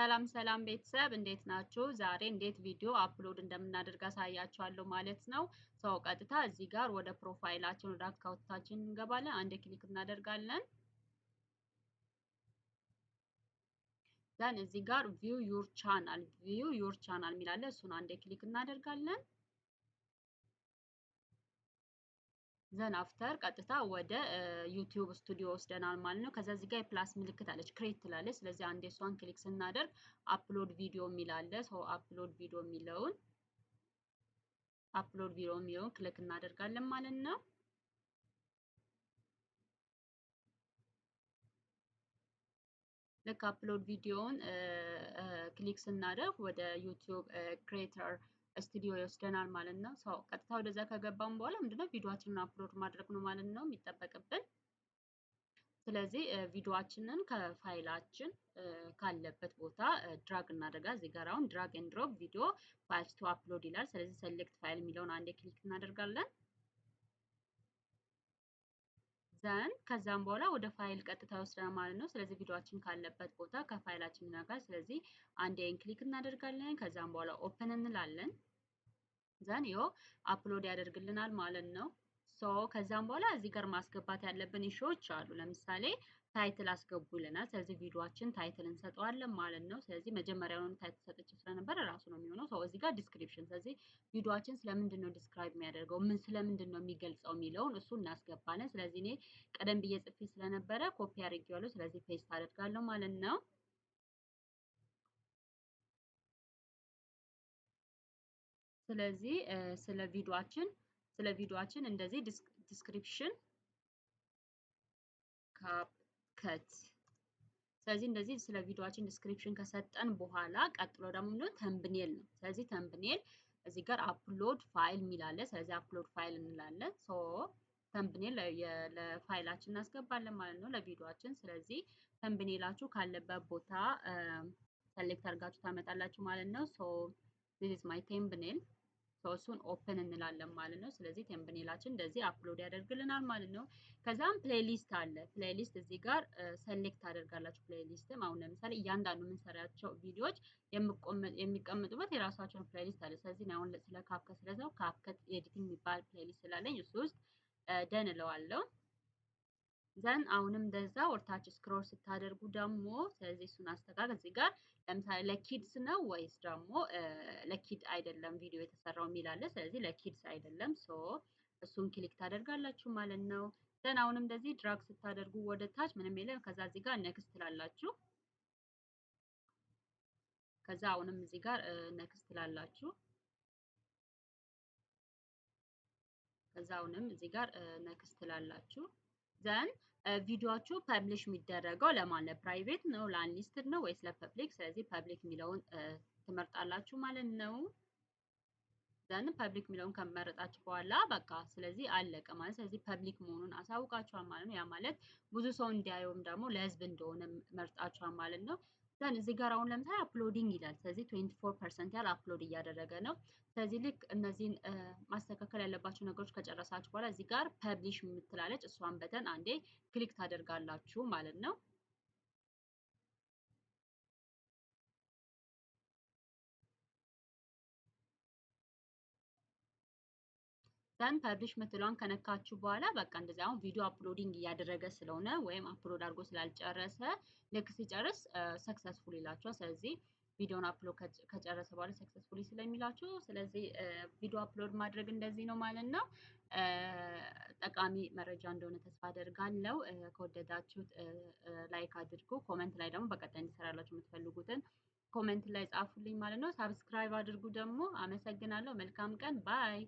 ሰላም ሰላም ቤተሰብ እንዴት ናችሁ? ዛሬ እንዴት ቪዲዮ አፕሎድ እንደምናደርግ አሳያችኋለሁ ማለት ነው። ሰው ቀጥታ እዚህ ጋር ወደ ፕሮፋይላችን ወደ አካውንታችን እንገባለን። አንድ ክሊክ እናደርጋለን። ዘን እዚህ ጋር ቪው ዩር ቻናል ቪው ዩር ቻናል የሚላለ እሱን አንድ ክሊክ እናደርጋለን። ዘን አፍተር ቀጥታ ወደ ዩቲዩብ ስቱዲዮ ወስደናል ማለት ነው። ከዛ እዚህ ጋር የፕላስ ምልክት አለች ክሬት ትላለች። ስለዚህ አንዴ እሷን ክሊክ ስናደርግ አፕሎድ ቪዲዮ የሚላለ ሰው አፕሎድ ቪዲዮ የሚለውን አፕሎድ ቪዲዮ የሚለውን ክሊክ እናደርጋለን ማለት ነው። ልክ አፕሎድ ቪዲዮውን ክሊክ ስናደርግ ወደ ዩቲዩብ ክሬተር ስቱዲዮ ይወስደናል ማለት ነው። ሰው ቀጥታ ወደዛ ከገባም በኋላ ምንድነው ቪዲዮችንን አፕሎድ ማድረግ ነው ማለት ነው የሚጠበቅብን። ስለዚህ ቪዲዮችንን ከፋይላችን ካለበት ቦታ ድራግ እናደርጋ እዚህ ጋር አሁን ድራግ ኤንድ ድሮፕ ቪዲዮ ፋይል ቱ አፕሎድ ይላል። ስለዚህ ሴሌክት ፋይል የሚለውን አንዴ ክሊክ እናደርጋለን። ዘን ከዛም በኋላ ወደ ፋይል ቀጥታ ይወስደናል ማለት ነው። ስለዚህ ቪዲዮችን ካለበት ቦታ ከፋይላችን ጋር ስለዚህ አንዴ ክሊክ እናደርጋለን። ከዛም በኋላ ኦፕን እንላለን። ዘን ይኸው አፕሎድ ያደርግልናል ማለት ነው። ሶ ከዛም በኋላ እዚህ ጋር ማስገባት ያለብን ኢሹዎች አሉ። ለምሳሌ ታይትል አስገቡልናል። ስለዚህ ቪዲዮችን ታይትል እንሰጠዋለን ማለት ነው። ስለዚህ መጀመሪያውን ታይትል ሰጥቼ ስለነበረ ራሱ ነው የሚሆነው። ሰው እዚህ ጋር ዲስክሪፕሽን፣ ስለዚህ ቪዲዮችን ስለምንድን ነው ዲስክራይብ የሚያደርገው ምን ስለምንድን ነው የሚገልጸው የሚለውን እሱ እናስገባለን። ስለዚህ እኔ ቀደም ብዬ ጽፌ ስለነበረ ኮፒ አድርጌዋለሁ። ስለዚህ ፔስት አደርጋለሁ ማለት ነው። ስለዚህ ስለ ቪዲዮአችን ስለ ቪዲዮአችን እንደዚህ ዲስክሪፕሽን ካፕ ከት ስለዚህ እንደዚህ ስለ ቪዲዮአችን ዲስክሪፕሽን ከሰጠን በኋላ ቀጥሎ ደግሞ ነው ተምብኔል ነው። ስለዚህ ተምብኔል እዚህ ጋር አፕሎድ ፋይል የሚላለ ስለዚህ አፕሎድ ፋይል እንላለን። ሶ ተምብኔል ለፋይላችን እናስገባለን ማለት ነው ለቪዲዮአችን። ስለዚህ ተምብኔላችሁ ካለበት ቦታ ሰሌክት አድርጋችሁ ታመጣላችሁ ማለት ነው። ሶ ዚስ ኢዝ ማይ ተምብኔል ከውሱን ኦፕን እንላለን ማለት ነው። ስለዚህ ቴምብኔላችን እንደዚህ አፕሎድ ያደርግልናል ማለት ነው። ከዛም ፕሌሊስት አለ። ፕሌሊስት እዚህ ጋር ሰሌክት ታደርጋላችሁ። ፕሌሊስትም አሁን ለምሳሌ እያንዳንዱ የምንሰራቸው ቪዲዮዎች የሚቀመጡበት የራሳቸውን ፕሌሊስት አለ። ስለዚህ አሁን ስለ ካፕከት ስለዛው ካፕከት ኤዲቲንግ የሚባል ፕሌሊስት ስላለኝ እሱ ውስጥ ደን እለዋለሁ። ዘን አሁንም እንደዛ ወርታች ስክሮል ስታደርጉ ደግሞ ስለዚህ እሱን አስተካከል። እዚህ ጋር ለምሳሌ ለኪድስ ነው ወይስ ደግሞ ለኪድ አይደለም ቪዲዮ የተሰራው የሚል አለ። ስለዚህ ለኪድስ አይደለም፣ ሶ እሱን ክሊክ ታደርጋላችሁ ማለት ነው። ዘን አሁንም እንደዚህ ድራግ ስታደርጉ ወደ ታች ምንም የለም። ከዛ እዚህ ጋር ነክስ ትላላችሁ። ከዛ አሁንም እዚህ ጋር ነክስ ትላላችሁ። ከዛ አሁንም እዚህ ጋር ነክስ ትላላችሁ። ዘን ቪዲዮችሁ ፐብሊሽ የሚደረገው ለማን ለፕራይቬት ነው ለአንሊስትድ ነው ወይስ ለፐብሊክ? ስለዚህ ፐብሊክ የሚለውን ትመርጣላችሁ ማለት ነው። ዘን ፐብሊክ የሚለውን ከመረጣችሁ በኋላ በቃ ስለዚህ አለቀ ማለት ስለዚህ ፐብሊክ መሆኑን አሳውቃችኋል ማለት ነው። ያ ማለት ብዙ ሰው እንዲያየውም ደግሞ ለህዝብ እንደሆነ መርጣችኋል ማለት ነው። ዘን እዚህ ጋር አሁን ለምሳሌ አፕሎዲንግ ይላል። ስለዚህ 24 ፐርሰንት ያህል አፕሎድ እያደረገ ነው። ስለዚህ ልክ እነዚህን ማስተካከል ያለባቸው ነገሮች ከጨረሳችሁ በኋላ እዚህ ጋር ፐብሊሽ የምትላለች እሷን በተን አንዴ ክሊክ ታደርጋላችሁ ማለት ነው። ደን ፐብሊሽ ምትሏን ከነካችሁ በኋላ በቃ እንደዚህ አሁን ቪዲዮ አፕሎዲንግ እያደረገ ስለሆነ ወይም አፕሎድ አድርጎ ስላልጨረሰ ልክ ሲጨርስ ሰክሰስፉል ይላችኋል። ስለዚህ ቪዲዮን አፕሎድ ከጨረሰ በኋላ ሰክሰስፉል ስለሚላችሁ ስለዚህ ቪዲዮ አፕሎድ ማድረግ እንደዚህ ነው ማለት ነው። ጠቃሚ መረጃ እንደሆነ ተስፋ አደርጋለሁ። ከወደዳችሁት ላይክ አድርጉ። ኮመንት ላይ ደግሞ በቀጣይ እንዲሰራላችሁ የምትፈልጉትን ኮመንት ላይ ጻፉልኝ ማለት ነው። ሳብስክራይብ አድርጉ ደግሞ። አመሰግናለሁ። መልካም ቀን ባይ